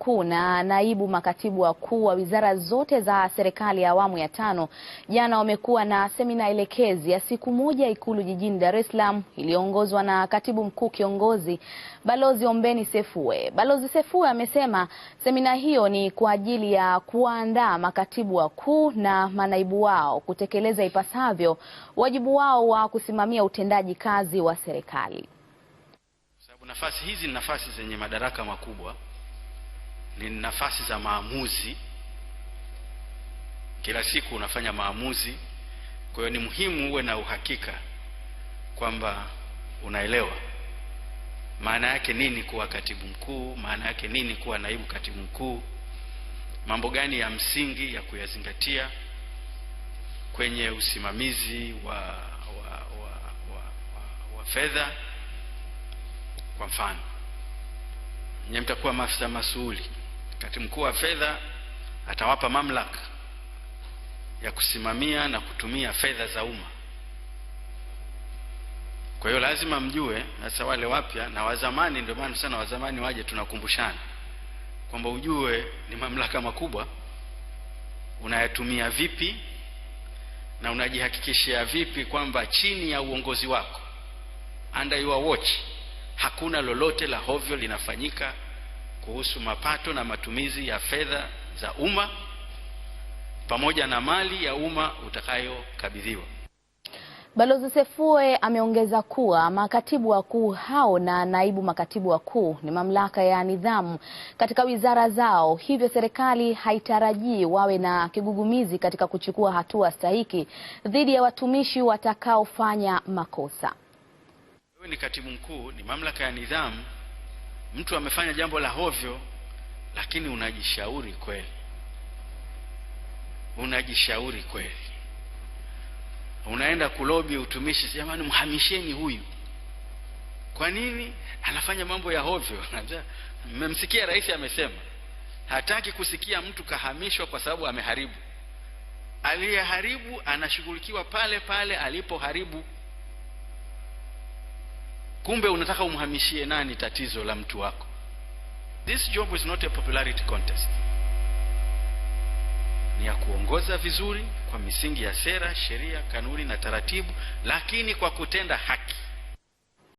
wakuu na naibu makatibu wakuu wa wizara zote za serikali ya awamu ya tano jana wamekuwa na semina elekezi ya siku moja Ikulu jijini Dar es Salaam iliyoongozwa na katibu mkuu kiongozi Balozi Ombeni Sefue. Balozi Sefue amesema semina hiyo ni kwa ajili ya kuwaandaa makatibu wakuu na manaibu wao kutekeleza ipasavyo wajibu wao wa kusimamia utendaji kazi wa serikali. nafasi hizi ni nafasi zenye madaraka makubwa ni nafasi za maamuzi. Kila siku unafanya maamuzi, kwa hiyo ni muhimu uwe na uhakika kwamba unaelewa maana yake nini kuwa katibu mkuu, maana yake nini kuwa naibu katibu mkuu, mambo gani ya msingi ya kuyazingatia kwenye usimamizi wa, wa, wa, wa, wa, wa fedha. Kwa mfano, nyie mtakuwa maafisa masuhuli kati mkuu wa fedha atawapa mamlaka ya kusimamia na kutumia fedha za umma. Kwa hiyo lazima mjue hasa wale wapya na wazamani. Ndio maana sana wazamani waje, tunakumbushana kwamba ujue ni mamlaka makubwa, unayatumia vipi na unajihakikishia vipi kwamba chini ya uongozi wako, under your watch, hakuna lolote la hovyo linafanyika kuhusu mapato na matumizi ya fedha za umma pamoja na mali ya umma utakayokabidhiwa. Balozi Sefue ameongeza kuwa makatibu wakuu hao na naibu makatibu wakuu ni mamlaka ya nidhamu katika wizara zao, hivyo serikali haitarajii wawe na kigugumizi katika kuchukua hatua stahiki dhidi ya watumishi watakaofanya makosa. Wewe ni katibu mkuu, ni mamlaka ya nidhamu mtu amefanya jambo la hovyo, lakini unajishauri kweli, unajishauri kweli, unaenda kulobi utumishi, jamani, mhamisheni huyu. Kwa nini anafanya mambo ya hovyo? Mmemsikia rais amesema hataki kusikia mtu kahamishwa kwa sababu ameharibu. Aliyeharibu anashughulikiwa pale pale alipoharibu kumbe unataka umhamishie nani tatizo la mtu wako this job is not a popularity contest ni ya kuongoza vizuri kwa misingi ya sera sheria kanuni na taratibu lakini kwa kutenda haki